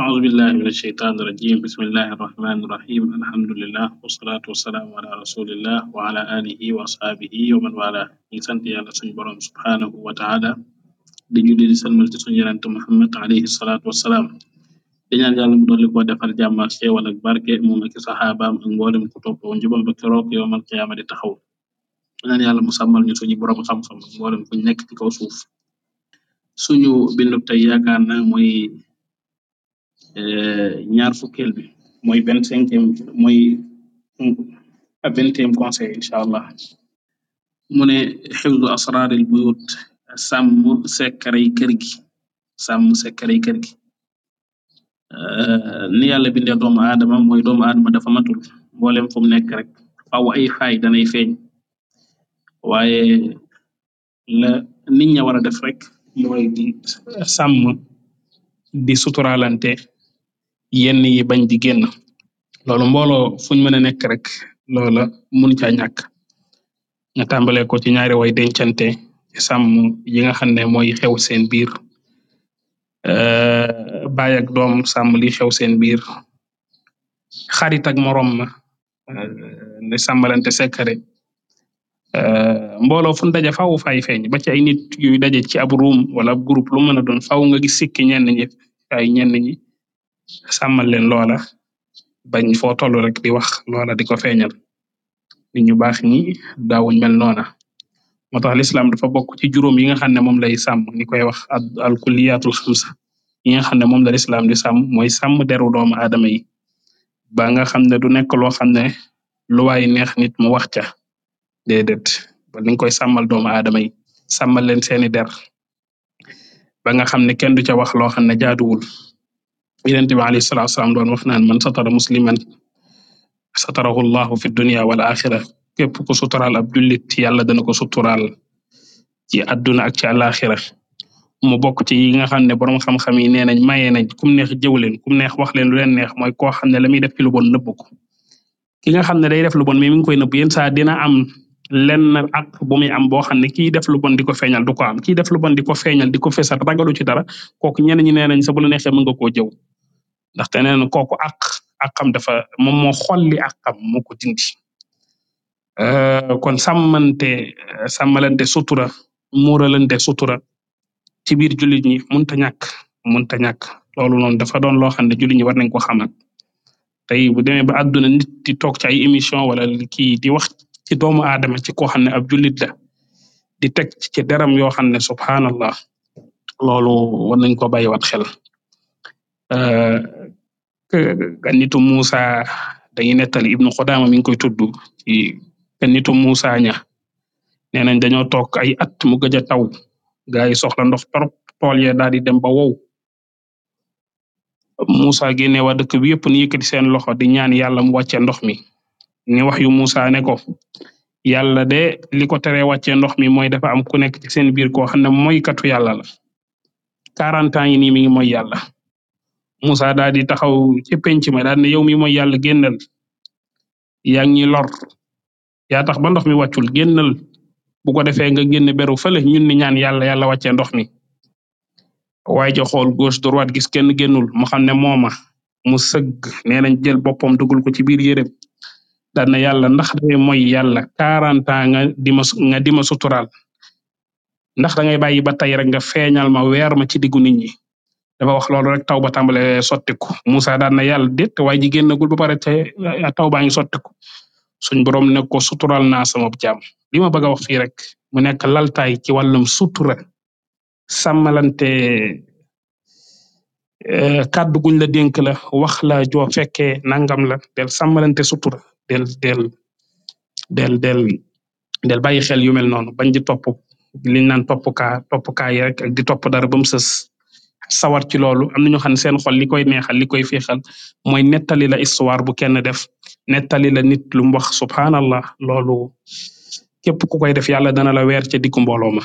Auzubillahi mina sheytaan irajim bismillahi irrahmani irrahim alhamdulilah wasalatu wasalaamu ala rasulillah wa ala alihi wa asxaabihi wa man wala ñi sant yàlla suñ boroom subxaanahu wa taala di julli di salmal ci suñ yenent Muhammad alayhi salaatu wassalaam di ñaan yàlla mu dolli koo defal jàmm ak xéewal ak barke moom ak saxaabaam ak mboolem ku topp njubam ba keroog yowmal qiyaama di taxaw di ñaan yàlla mu sàmmal nekk ci kaw suuf suñu bindu na mooy Eh, ñaar fukkeel bi mooy vingt cinquième mooy vingtième conseil incha allah mu ne xifdu asraaril buyut sàmm sekkaray kër gi sàmm sekkaray kër gi eh, ni yàlla bindee doomu aadama mooy doomu adama dafa matul mboolem fu mu nekk rek faaw ay faay danay feeñ waaye la nit ña war a def rek mooy di sàmm di suturaalante yenn yi bañ di génn loolu mbooloo fuñ mën a nekk rek loola mun caa ñàkk nga tàmbale ko ci ñaari way dencante ci sàmm yi nga xam ne mooy xew seen biir baay ak doom sàmm li xew seen biir xarit ak moroom ma ne sàmmalante sekkare mbooloo fu daje faw fay feeñ ba ci ay nit yuy daje ci ab ruum wala ab groupe lu mën a doon faaw nga gis sikki ñenn ñi ay ñenn ñi. sàmmal leen loola bañ foo toll rek di wax loola di ko feeñal nit ñu baax ñi daawuñ mel noona moo tax lislaam dafa bokk ci juróom yi nga xam ne moom lay sàmm ni koy wax al kulliyaatul xamsa yi nga xam ne moom la lislaam di sàmm mooy sàmm deru doomu aadama yi ba nga xam ne du nekk loo xam ne lu waay neex nit mu wax ca déedéet ba ni koy sàmmal doomu aadama yi sàmmal leen seeni der ba nga xam ne kenn du ca wax loo xam ne jaaduwul. yonent bi alayhi salaatu wasalaam doon wax naan man satara musliman satarahu llahu fi dunya wala axira képp ku suturaal ab jullit yàlla dana ko suturaal ci àdduna ak ci àlaxira mu bokk ci yi nga xam ne borom xam-xam yi nee nañ mayee nañ kum neex jëw leen kum neex wax leen lu leen neex mooy koo xam ne la def ci lu bon nëbb ko ki nga xam ne day def lu bon mais mi ngi koy nëbb yenn saa dina am lenn ak bu muy am boo xam ne def lu bon di ko feeñal du am kii def lu bon di ko feeñal di ko fesal ragalu ci dara kooku ñenn ñi nee nañ sa bu la neexee nga koo jëw ndaxte nee na kooku ak àqam dafa moom moo xolli àqam moo ko dindi euh, kon sàmmante sàmmalante sutura muuralante sutura ci biir jullit ñi munta ñàkk munta ñàkk loolu noonu dafa doon loo xam ne jullit ñi war nañ ko xamaat tey bu demee ba àdduna nit di toog ci ay émission wala kii di wax ci doomu aadama ci koo xam ne ab jullit di teg ci daram yoo xam ne subhanallah loolu war nañ ko bàyyiwaat xel euh, nitu Musa dañuy nettali Ibnu Xudaama mi ngi koy tudd ci nitu Musa ña nee nañ dañoo toog ay at mu gëj a taw gaa yi soxla ndox torop tool ya daal di dem ba wow Musa génne waa dëkk bi yépp ni yëkkati seen loxo di ñaan yàlla mu wàcce ndox mi ni wax yu Musa ne ko yàlla de li ko teree wàcce ndox mi mooy dafa am ku nekk ci seen biir koo xam ne mooy katu yàlla la quarante yi nii mi ngi mooy yàlla. Musaa daal di taxaw ci ma daal ne yow mi mooy yàlla génnal yaa ngi lor yaa tax ba ndox mi wàccul génnal bu ko defee nga génn beru fale ñun ni ñaan yàlla yàlla wàccee ndox mi waaye ja xool gauche droite gis kenn génnul mu xam ne mooma mu sëgg nee nañ jël boppam dugal ko ci biir yérem daal ne yàlla ndax day mooy yàlla 40 ans nga dima nga dima suturaal ndax da ngay bàyyi ba tey rek nga feeñal ma weer ma ci diggu nit ñi dafa wax loolu rek taw ba tàmbalee sottiku Musa daan na yàlla déet waaye ji génnagul ba pare te eh, taw baa ngi sottiku suñ borom ne ko sutural naa sama jaam li ma bëgg a wax fii rek mu nekk laltaay ci wàllum sutura sàmmalante eh, kàddu guñ la dénk la wax la joo fekkee nangam la del sàmmalante sutura del del del del del bàyyi xel yu mel noonu bañ di topp liñ naan topp kaa topp kaa yi rek di topp dara ba mu sës sawar ci loolu am na ñoo xam ne seen xol li koy neexal li koy féexal mooy nettali la histoire bu kenn def nettali la nit lu mu wax subhanallah loolu képp ku koy def yàlla dana la weer ca dikku mbooloo ma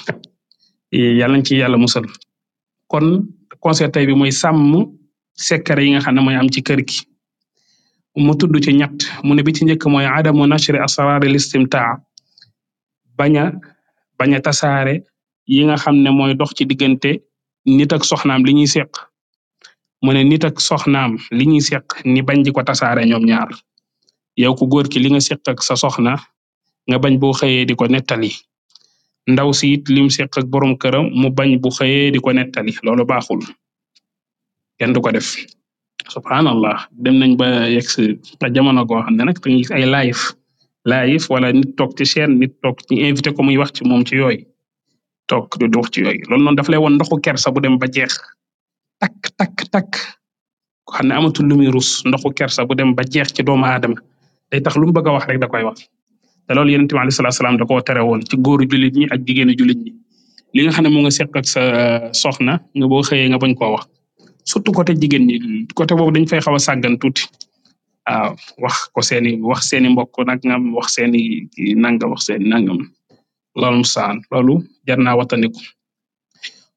yàlla ci yàlla musal kon conseil tey bi mooy sàmm secret yi nga xam ne mooy am ci kër gi mu tudd ci ñett mu ne bi ci njëkk mooy adamu nashri asraril istimtaa bañ a bañ a tasaare yi nga xam ne mooy dox ci diggante nit ak soxnaam li ñuy seq mu ne nit ak li ñuy seq ni bañ di ko tasaare ñoom ñaar yow ku góor ki li nga seq ak sa soxna nga bañ boo xëyee di ko nettali ndaw si it lim seq ak borom këram mu bañ bu xëyee di ko nettali loolu baaxul kenn du ko def subhanallah dem nañ ba yegg si jamono goo xam ne nag dañuy ay live live wala nit toog ci chaîne nit toog ñu invité ko muy wax ci moom ci yooyu. toog du ci loolu noonu daf lay woon ndoxu kersa bu dem ba jeex takk takk takk ko xam ne amatul lu muy rus ndoxu kersa bu dem ba jeex ci doomu aadama day tax lu mu bëgg a wax rek da koy wax te loolu yonent bi alayhi salaam da tere woon ci góoru jullit ñi ak jigéenu jullit ñi li nga xam ne mu nga ak sa euh, soxna nga boo xëyee nga bañ koo wax surtout côté jigéen ñi côté boobu dañ fay xaw a sàggan tuuti wax ko seeni wax seeni mbokk nag nga wax seeni nangam wax seeni nangam lalum saan loolu jar naa watandiku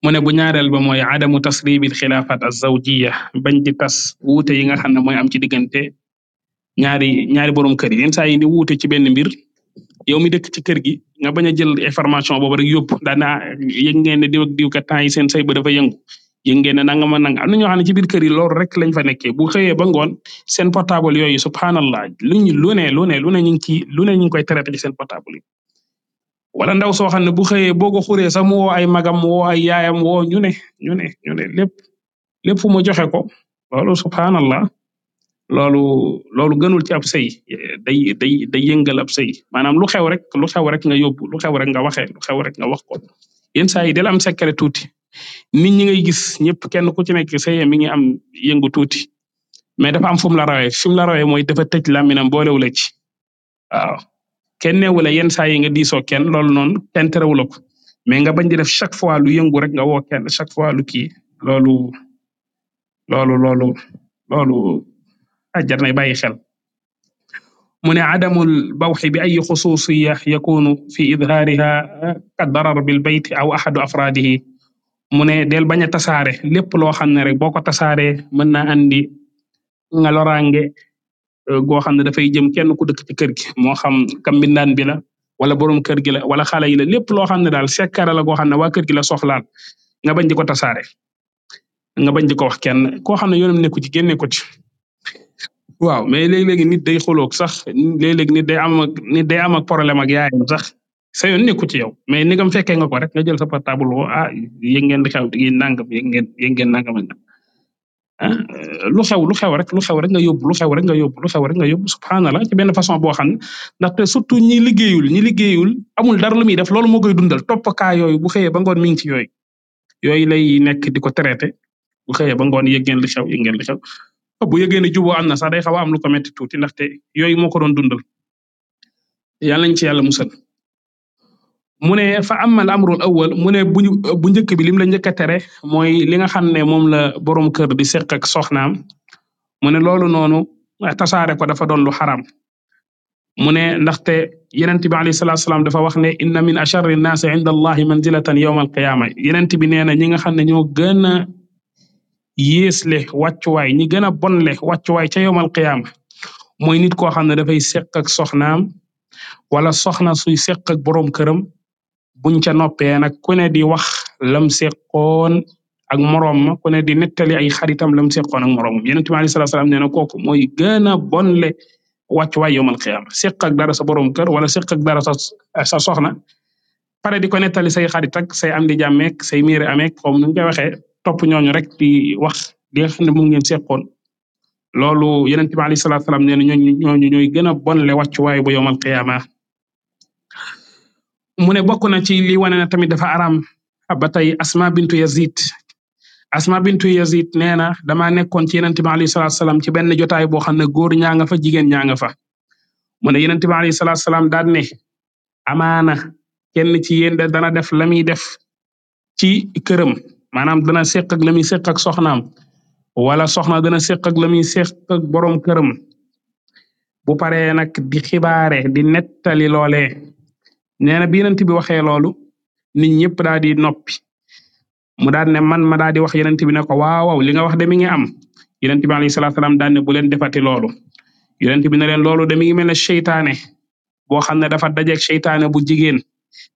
mu ne bu ñaareel ba mooy adamu tasribil xilaafaat azzawjiya bañ di tas wuute yi nga xam ne mooy am ci diggante ñaari ñaari borom kër yi yenn saa yi di wuute ci benn mbir yow mi dëkk ci kër gi nga bañ a jël information boobu rek yóbbu daanaa yëg ngeen ne diw ak diw ka temps yi seen say ba dafa yëngu ngeen ne nanga ma nanga am na ñoo xam ne ci kër yi loolu rek lañ fa nekkee bu xëyee ba ngoon seen portable yooyu subhanallah luñ lu ne lu ne lu ñu ngi ci lu ne ñu ngi koy traité ci seen portable yi wala ndaw soo xam ne bu xëyee boo ko xuree sax mu ay magam woo ay yaayam woo ñu ne ñu ne ñu fu lépp lépp mu joxe ko loolu subhanallah loolu loolu gënul ci ab sëy day day day yëngal ab sëy maanaam lu xew rek lu xew rek nga yóbbu lu xew rek nga waxee lu xew rek nga wax ko yenn saa yi del am secret tuuti nit ñi ngay gis ñëpp kenn ku ci nekk sëyee mi ngi am yëngu tuuti mais dafa am fu mu la rawee fi mu la rawee mooy dafa tëj làmminam boolewu la ci kenn neewu la yenn saa yi nga diisoo kenn loolu noonu kenn terewu la ko mais nga bañ di def chaque fois lu yëngu rek nga woo kenn chaque fois lu kii loolu loolu loolu loolu ah jar nay bàyyi xel mu ne adamul bawxi bi ay xususiya yakunu fi idhaariha ka darar bil bayt aw ahadu afraadihi mu ne del bañ a tasaare lépp loo xam ne rek boo ko tasaaree mën na andi nga goo xam ne dafay jëm kenn ku dëkk ci kër gi moo xam kam mbindaan bi la wala borom kër gi la wala xale yi la lépp loo xam ne daal sekkara la goo xam ne waa kër gi la soxlaal nga bañ di ko tasaare nga bañ di ko wax kenn koo xam ne yoonam nekku ci génne ko ci waw mais léeg-léegi nit day xoloog sax léeg-léegi nit day am ak nit day am ak problème ak yaayam sax sa yoon nekku ci yow mais ni nga fekkee nga ko rek nga jël sa portable woo ah yëg ngeen di xew di nangam yëg ngeen yëg ngeen nangam ak ah lu xew lu xew rek lu xew rek nga yóbbu lu xew rek nga yóbbu lu xew rek nga yóbbu subhanallah ci benn façon boo xam ne ndaxte surtout ñi liggéeyul ñi liggéeyul amul dara lu muy def loolu moo koy dundal toppkaa yooyu bu xëyee ngoon mi ngi ci yooyu yooyu lay nekk di ko traité bu xëyee ba ngoon yëg ngeen li xew yëg ngeen li xew bu yëgee ne juboo am na sax day xaw am lu ko metti tuuti ndaxte yooyu moo ko doon dundal yàlla nañ ci yàlla musal mu ne fa amal amrul awal mu ne bu bu njëkk bi lim la njëkk a tere mooy li nga xam ne moom la borom kër di seq ak soxnaam mu ne loolu noonu tasaare ko dafa doon lu xaram mu ne ndaxte yenent bi alayhi salaatu salaam dafa wax ne inna min acharri nnaasi inda allahi manzilatan yawma alqiyaama yenent bi nee na ñi nga xam ne ñoo gën a yéesle wàccuwaay ñi gën a bonle wàccuwaay ca yawma alqiyaama mooy nit koo xam ne dafay seq ak soxnaam wala soxna suy seq ak borom këram buñ ca noppee nag ku di wax lam seqoon ak moroom ku ne di nettali ay xaritam lam seqoon ak moroomam yonent bi alayhi salaam nee na kooku mooy gën a bonle wàccuwaay yowmal xiyaama seq ak dara sa borom kër wala seq ak dara sa sa soxna pare di ko nettali say xarit ak say am di jàmmeek say miire ameek comme ni ñu koy waxee topp ñooñu rek di wax li nga xam ne mu ngeen seqoon loolu yonent bi alayhi salaam nee na ñooñu ñooñu ñooy gën a bonle mu ne bokk na ci li wane na tamit dafa aram ba tey Asma bintu Yazid Asma bintu Yazid nee na damaa nekkoon ci yenente bi alayhi salatu salaam ci benn jotaay boo xam ne góor ñaa nga fa jigéen ñaa nga fa mu ne yenente bi alayhi salatu salaam daan ne amaana kenn ci yéen dana def la muy def ci këram maanaam dana seq ak la muy seq ak soxnaam wala soxna dana seq ak la muy seq ak borom këram bu paree nag di xibaare di nettali loolee nee na bi yonent bi waxee loolu nit ñëpp daal di noppi mu daal ne man ma daal di wax yonent bi ne ko waaw waaw li nga wax de mi ngi am yonent bi alayhi salaatu salaam daal ne bu leen defati loolu yonent bi ne leen loolu de mi ngi mel ne seytaane boo xam ne dafa dajeeg seytaane bu jigéen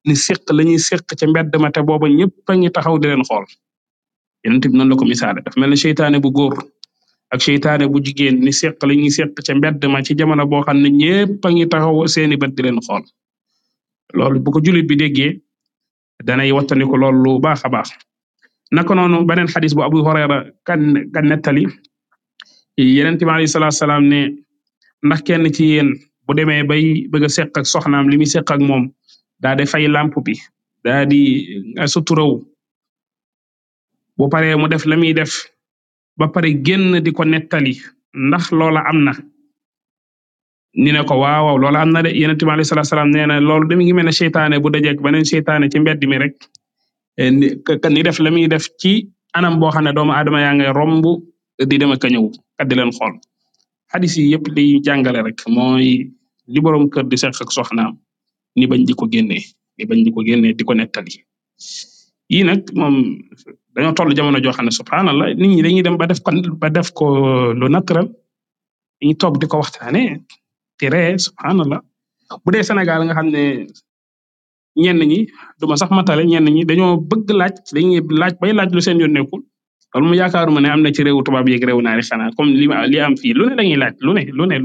ni séq la ñuy séq ca mbedd ma te booba ñëpp a ngi taxaw di leen xool yonent bi noonu la ko misaale dafa mel ne seytaane bu góor ak seytaane bu jigéen ni séq la ñuy séq ca mbedd ma ci jamono boo xam ne ñëpp a ngi taxaw seeni bët di leen xool loolu bu ko jullit bi déggee danay wattandiku loolu lu baax a baax naka noonu beneen xadis bu Abu Hurayra kan kan nettali yeneen bi alayhi salaatu salaam ne ndax kenn ci yéen bu demee bay bëgg a seq ak soxnaam li muy seq ak moom daa di fay lamp bi daa di eh, suturaw bu paree mu def la muy def ba pare génn di ko nettali ndax loola am na ni ne ko waaw loolu am na de yonent bi alayhi salaatu salaam nee na loolu de mi ngi mel ne seytaane bu dajeek beneen seytaane ci mbedd mi rek eh, ni def la muy def ci anam boo xam ne doomu aadama yaa ngay romb di dem ak ka ñëw kat di leen xool xadis yi yëpp di jàngale rek mooy li borom kër di seq ak soxnaam ni bañ di ko génnee ni bañ di ko génnee di ko nettali yii nag moom dañoo toll jamono joo xam ne subhanallah nit ñi dañuy dem ba def ko ba def ko lu naturel dañuy toog di ko waxtaanee. di ree subhanallah bu dee Sénégal nga xam ne ñenn ñi duma sax matale ñenn ñi dañoo bëgg laaj dañuy laaj bay laaj lu seen yoon nekkul loolu mu yaakaaruma ne am na ci réewu tubaab yeeg réewu naari xanaa comme li li am fii lu ne lañuy laaj lu ne lu ne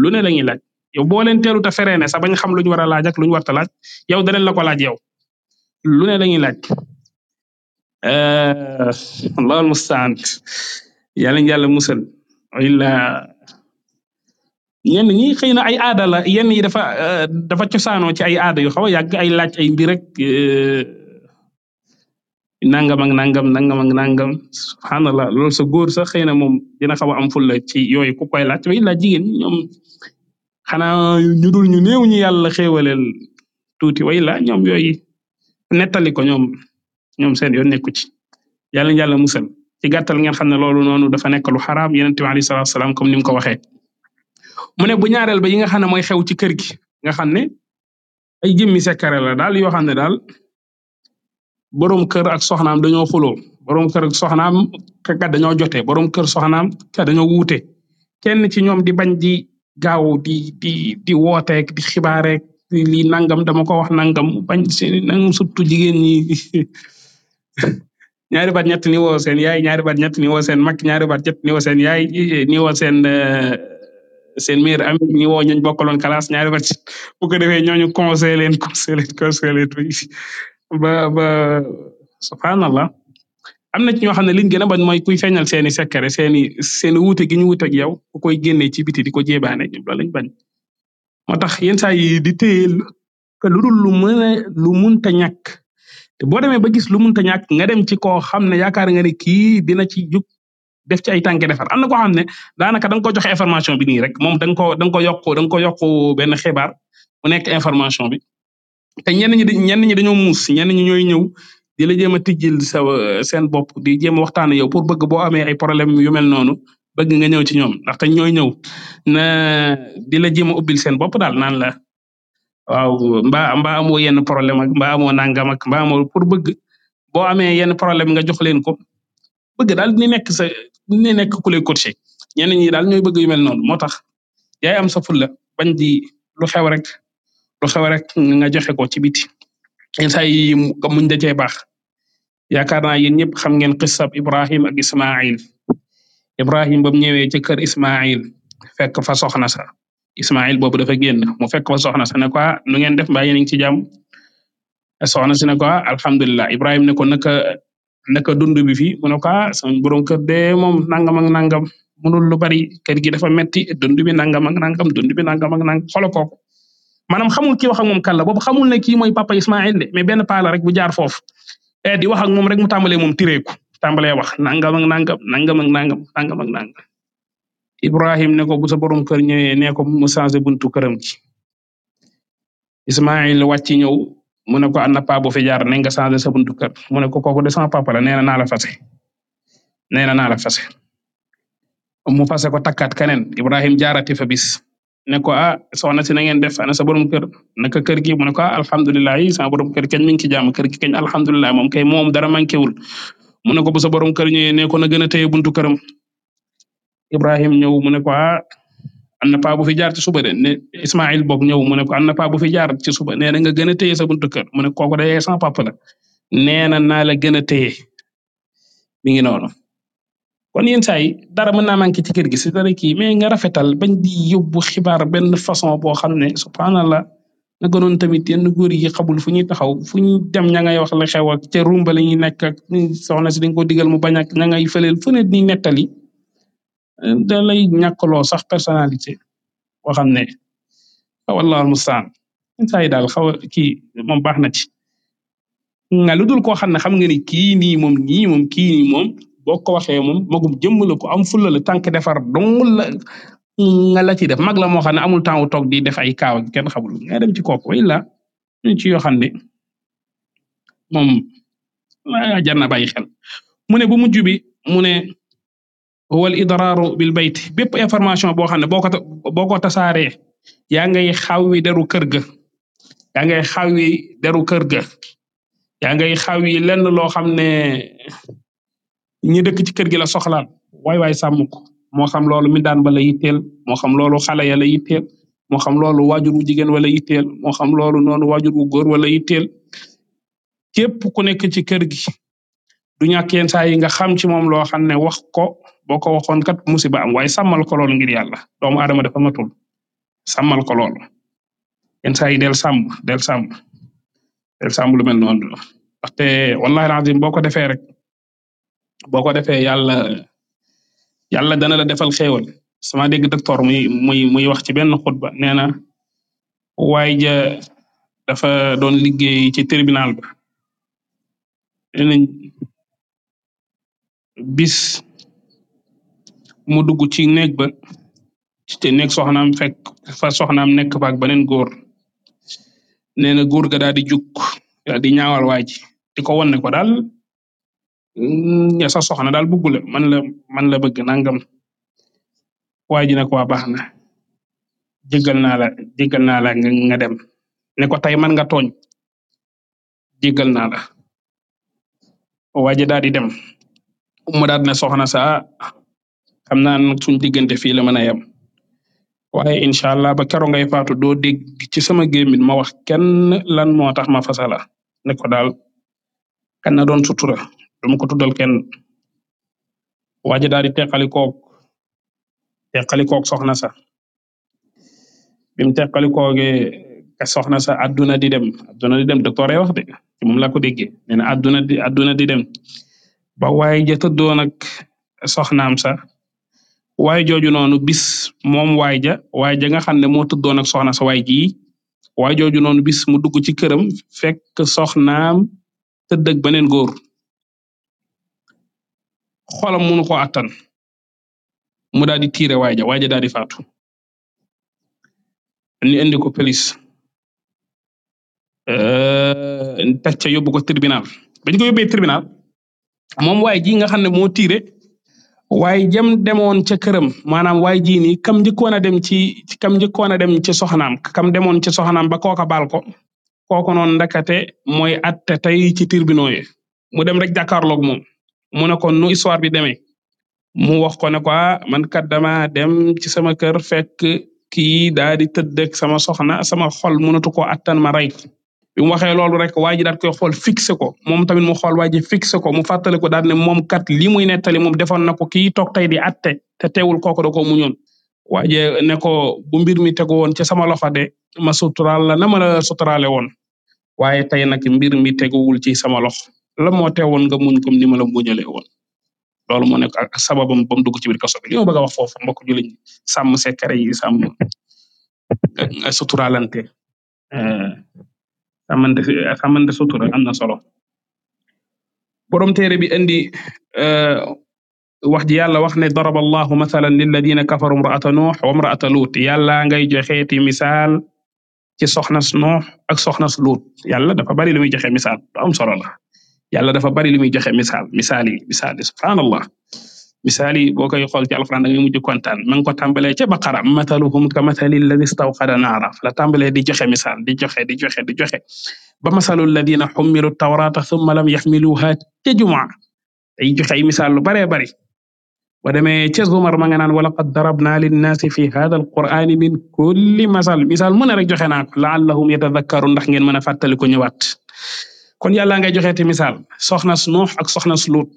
lu ne laaj yow boo len teelu te feree ne sax bañ xam lu ñu war laaj ak lu ñu warta laaj yow danañ la ko laaj yow lu ne lañuy laaj euh, loolu mustaan yàlla yàlla yenn ñi xëy na ay aada la yenn yi dafa euh, dafa cosaanoo ci ay aada yu xaw a yàgg ay laaj ay mbir rek euh, nangam ak nangam nangam ak nangam subhanallah loolu sa góor sax xëy na moom dina xaw a am fulla ci yooyu ku koy laaj way laaj jigéen ñi ñoom xanaa ñu ñu néew ñu yàlla xéewaleel tuuti way la ñoom yooyu nettali ko ñoom ñoom seen yoon nekku ci yàlla yàlla musal ci gàttal ngeen xam ne loolu noonu dafa nekk lu xaraam yeneen bi alayhi salaatu salaam comme ni mu ko waxee mu ne bu ñaareel ba yi nga xam ne mooy xew ci kër gi nga xam ne ay jëmmi sekkare la daal yoo xam ne daal borom kër ak soxnaam dañoo xuloo borom kër ak soxnaam kat dañoo jotee borom kër soxnaam dañoo wuute kenn ci ñoom di bañ di gaaw di di di wooteek di xibaareek lii nangam dama ko wax nangam bañ seen nangam surtout jigéen ñi ñaari baat ñett ni woo seen yaay ñaari baat ñett ni woo seen mag ñaari baat ñett ni woo seen yaay ni woo seen eh, seen meilleur ami ñi woo ñooñu bokkaloon classe ñaari wàcc bu ko defee ñooñu conseil leen ba ba subhanallah am na ci ñoo xam ne liñ gën a bañ mooy kuy feeñal seeni secret seeni seeni wuute gi ñu wuute ak yow ku koy génnee ci biti di ko jébaane ñoom loolu lañ bañ moo tax yenn saa yi di téye que lu dul lu mën a lu munta ñàkk ba gis lu munta ñàkk nga dem ci koo xam ne yaakaar nga ne kii dina ci jug def ci ay tànke defar am na xam ne daanaka da ko joxe information bi nii rek ko da nga ko yokk da nga ko yokk benn nekk information bi te ñenn ñi ñenn ñi dañoo muus ñenn ñi ñooy ñëw di la jéem a tijjil sa seen bopp di jéem a waxtaan yow pour bëgg boo amee ay problème yu mel noonu bëgg nga ñëw ci ñoom ndaxte ñooy ñëw na di la jéem a ubbil seen bopp daal naan la waaw mbaa mbaa amoo yenn problème ak mbaa amoo nangam ak mbaa amoo pour bëgg boo amee yenn problème nga jox leen ko bëgg daal di nekk sa duñ lay nekk ku lay coaché ñenn ñi daal ñooy bëgg yu mel moo tax am sa fulla bañ di lu xew rek lu xew rek nga joxe ko ci biti yenn saa yi da cee baax yaakaar naa yéen ñëpp xam ngeen xisab Ibrahim ak Ismail Ibrahim ba mu ñëwee ci kër Ismail fekk fa soxna sa Ismail boobu dafa génn mu fekk fa soxna sa ne ko ah, nu ngeen def mbaa yéen a ngi ci jàmm soxna si ne ah, alhamdulilah Ibrahim ne ko naka dund bi fii mu ne ko ah, borom kër de moom nangam ak nangam munul lu bari kër gi dafa metti dund bi nangam ak nangam dund bi nangam ak nangam xolo kooku maanaam xamul ki wax ak moom kan la boobu xamul ne kii mooy papa Ismaël de mais benn paala rek bu jaar foofu eh, di wax ak moom rek mu tàmbalee moom tireeku tàmbalee wax nangam ak nangam nangam ak nangam nangam ak nangam Ibrahim ne ko sa borom kër ñëwee nee ko mu changé buntu këram ci Ismaël wàcc ñëw. mu ne ko am na paa bu fi jaar ne nga sa buntu kër mu ne ko kooku de a papa la nee na naa la nee naa la fase mu fase ko takkaat keneen Ibrahim jaarati fa bis ne ko ah soxna si na ngeen def ana sa borom kër naka kër gi mu ne ko ah alhamdulilah yi sama borom kër kenn mi ngi ci jàmm kër gi kenn alhamdulilah moom kay moom dara manqué wul mu ne ko bu sa borom kër ñëwee ne ko na gën a téye buntu këram Ibrahim ñëw mu ne ah, am na paa bu fi jaar ci suba de ne Ismaïl boog ñëw mu ne ko am na paa bu fi jaar ci suba nee nga gën a téye sa buntu kër mu ne kooku de yaay sama papa la nee na naa la gën a téye mi ngi noonu. kon yenn saa yi dara mën naa manqué ci kër gi si dara kii mais nga rafetal bañ di yóbbu xibaar benn façon boo xam ne subhanallah na gënoon tamit yenn góor yi xamul fu ñuy taxaw fu ñuy dem ña ngay wax la xew ak ca rumba la ñuy nekk soxna si dañ ko digal mu bañ ak ña ngay fëleel fu ne di nettali Euh, da lay ñàkkloo sax personnalité boo xam ne wallaahu almustaan saa yi daal xaw kii moom baax na ci nga lu dul koo xam ne xam nga ni kii nii moom nii moom kii nii moom boo ko waxee moom magum jëmm ko am fulla la tànk defar dongul la la ci def mag la moo xam ne amul temps wu toog di def ay kaaw kenn xamul nga dem ci kooku way la ñu ci yoo xam ne moom jar na xel mu ne bu mujj bi wal idraaru bil bayt bépp information boo xam ne boo ko boo ko tasaaree yaa ngay xawwi deru kër ga yaa ngay xawwi deru kër ga yaa ngay xawwi lenn loo xam ne ñi dëkk ci kër gi la soxlaal waay waay sàmm ko moo xam loolu mi daan ba la moo xam loolu xale ya la yitteel xam loolu waajur wu jigéen wala yitteel mooxam loolu noonu waajur wu góor wala yitteel képp ku nekk ci kër gi du ñàkk yenn saa yi nga xam ci moom loo xam ne wax ko boo ko waxoon kat musiba am waaye sàmmal ko lool ngir yàlla doomu aadama dafa matul sàmmal ko lool yenn saa yi del sàmm del sàmm del sàmm lu mel noonu ndaxte wallahi alazim boo ko defee rek boo ko defee yàlla yàlla dana la defal xéewal sama dégg docteur muy muy muy wax ci benn xutba nee na waaye ja dafa doon liggéey ci tribunal ba nee mu dugg ci néeg ba te néeg soxnaam fekk fa soxnaam nekk fa ak beneen góor nee na góor ga daal di jug daal di ñaawal waa ji di ko won ne ko daal mm, ya sa soxna daal bëggu la man la man la bëgg nangam waa ji ne ko waa baax na jéggal naa la jéggal naa la nga dem ne ko tey man nga tooñ jéggal naa la waa ji daal di dem mu daal soxna sa xam naa nag suñ diggante fii la mën a yem waaye incha allah ba kero ngay faatu doo dégg ci sama gémmiñ ma wax kenn lan moo tax ma fasala ne ko daal kan na doon sutura duma ko tuddal kenn waaja daal di teqali koog teqali koog soxna sa bim teqali koogee ka soxna sa àdduna di dem àdduna di dem wax de ci moom laa ko déggee nee àdduna di àdduna di dem ba waaye ja tëddoo nag soxnaam waay jooju noonu bis moom waay ja waay ja nga xam ne moo tuddoon ak soxna sa waay jii waay jooju noonu bis mu dugg ci këram fekk soxnaam tëdd ak beneen góor xolam munu ko attan mu daal di tiire waay ja waay ja daal di faatu ni indi ko police euh, teg ca yóbbu ko tribunal bañ ko yóbbee tribunal moom ji nga xam ne moo tiire waaye jëm demoon ca këram maanaam waay jii nii kam njëkkoon a dem ci kam njëkkoon a dem ci soxnaam kam demoon ci soxnaam ba kooka baal ko kooku noonu ndakate mooy atte tey ci tribunaux mu dem rek jàkkaarloog moom mu ne ko nu histoire bi demee mu wax ko ne ko ah, man kat dama dem ci sama kër fekk kii daa di tëdd sama soxna sama xol mënatu ko attan ma bi mu waxee loolu rek waa ji daal koy xool fixé ko moom tamit mu xool waa ji fixé ko mu fàttali ko daal ne moom kat li muy nettali moom defoon na ko kii toog tey di atte te teewul kooku da ko muñoon waa ji ne ko bu mbir mi tegu woon ci sama loxo de ma suturaal la na ma la suturaale woon tey nag mbir mi teguwul ci sama loxo la moo teewoon nga muñ comme ni ma la muñalee woon loolu moo nekk ak sababam ba mu dugg ci biir kaso bi li a wax foofu mbokk jullit ñi sàmm secret yi sàmm suturaalante euh, sàmmante sàmmante sutura am na solo borom téere bi indi euh, wax ji yàlla wax ne daraba allahu mathalan lilladina kafaru imra'ata nuux wa imra'ata luut yàlla ngay joxeeti misaal ci soxnas nuux ak soxnas luut yàlla dafa bari lu muy joxe misaal am solo la yàlla dafa bari lu muy joxe misaal misaal misaali boo koy xool ci alxuraan da ko tàmbalee ca baqara mataluhum ka matali alladi stawqada la tàmbalee di joxe misaal di joxe di joxe di joxe ba masalu alladina xummilu tawrata thumma lam yaxmiluha ca jumaa day joxe ay misaal lu baree bari ba demee ca zumar ma nga naan wa laqad darabna linnaasi fi hada alqurani min kulli masal misaal mën a rek joxe naa ko laallahum yatadakkaru ndax ngeen mën a fàttali ko ñëwaat kon yàlla ngay joxeeti misaal soxna su nuux ak soxna su lut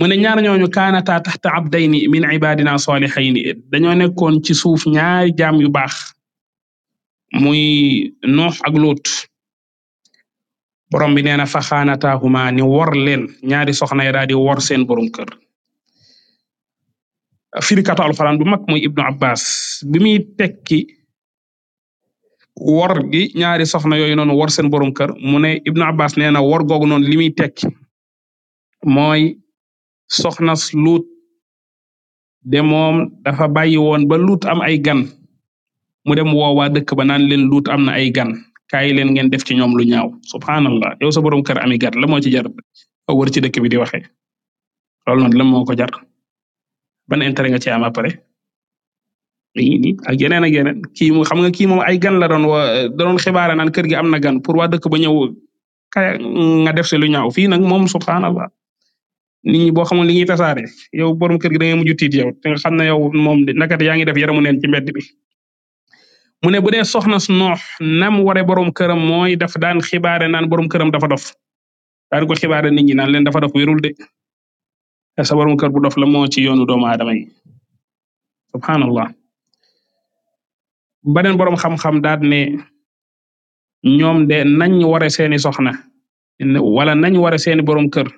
mu ne ñaar ñooñu kaanataa taxta abdayni min ibadina solihayni dañoo nekkoon ci suuf ñaari jaam yu baax muy noox ak luut borom bi nee na fa xaanataahuma ni wor leen ñaari soxna yi daal di wor seen borom kër firikatu alxuraan bu mag muy ibnu abbas bi muy tekki wor gi ñaari soxna yooyu noonu wor seen borom kër mu ne ibnu abbas nee na wor googu noonu li muy tekki soxnas luut de moom dafa bàyyi woon ba luut am ay gan mu wo woowaa dëkk ba naan leen luut am na ay gan kaayi leen ngeen def ci ñoom lu ñaaw subhanallah yow sa boroom kër ami gan la moo ci jar a wër ci dëkk bi di waxe loolu noonu la moo ko jar ban intérêt nga ci am après léegi ak yeneen ak yeneen kii mu xam nga kii moom ay gan la doon wa da doon xibaare naan kër gi am na gan pour waa dëkk ba ñëw nga def se lu ñaaw fii nag moom subhanallah nit ñi boo xamul li ñuy tasaare yow borom kër gi da ngay mujj tiit yow te xam na yow moom nakati yaa ngi def yaramu neen ci mbedd bi mu ne bu dee soxna su noox nam ware borom këram mooy daf daan xibaare naan borom këram dafa dof daan ko xibaare nit ñi naan leen dafa dof wérul de te sa borom dof la moo ci yoonu doomu aadama yi subhanallah beneen borom xam-xam daat ne ñoom de nañ ware seeni soxna wala nañ ware seeni borom kër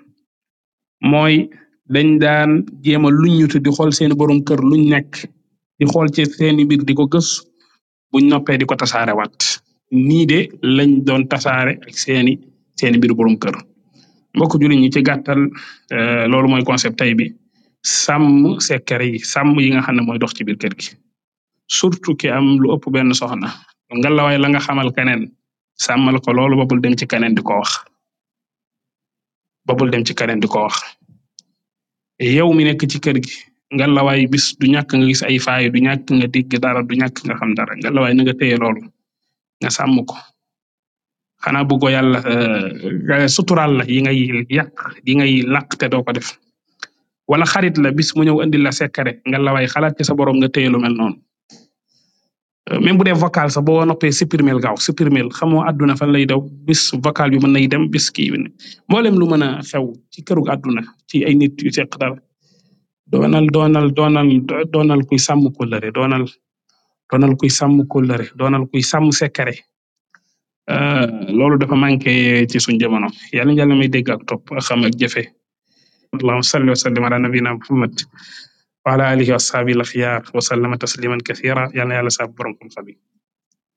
mooy dañ daan jéem a luññutu di xool seeni borom kër luñ nekk di xool ci seeni mbir di ko gës buñ noppee di ko tasaare wat nii de lañ doon tasaare ak seeni seeni mbir borom kër mbokk jullit ñi ci gàttal euh, loolu mooy concept tey bi sàmm sekkere yi sàmm yi nga xam ne mooy dox ci biir kër gi surtout ki am lu ëpp benn soxna ngalawaay la nga xamal keneen sàmmal ko loolu ba bul dem ci keneen di ko wax ba dem ci keneen di ko wax yow mi nekk ci kër gi nga lawaay bis du ñàkk nga gis ay faay du ñàkk nga dégg dara du ñàkk nga xam dara nga lawaay na nga téye loolu nga sàmm ko xanaa bëggo yàlla euh, euh, suturaal la yi ngay yàq yi ngay làq te doo ko def wala xarit la bis mu ñëw indi la sekkare nga lawaay xalaat ci sa borom nga téye lu mel noonu Euh, même bu dee vocal sax boo noppee supprimer gaaw supprimer xamoo àdduna fan lay daw bis vocal bi mën nay dem bis kii bi mboolem lu mën a xew ci kërug àdduna ci ay nit yu seq dara doonal doonal doonal doonal kuy sàmm kóllëre doonal doonal kuy sàmm kóllëre doonal kuy sàmm sekare euh, loolu dafa manqué ci suñ jamono yàlla yàlla may dégg ak topp ak xam ak jëfe allahumma salli wa sallim ala wa ala alihi wa asxaabi al axyaar wa sallama tasliman kathira yàlla na yàlla sax boroom xam-xam yi.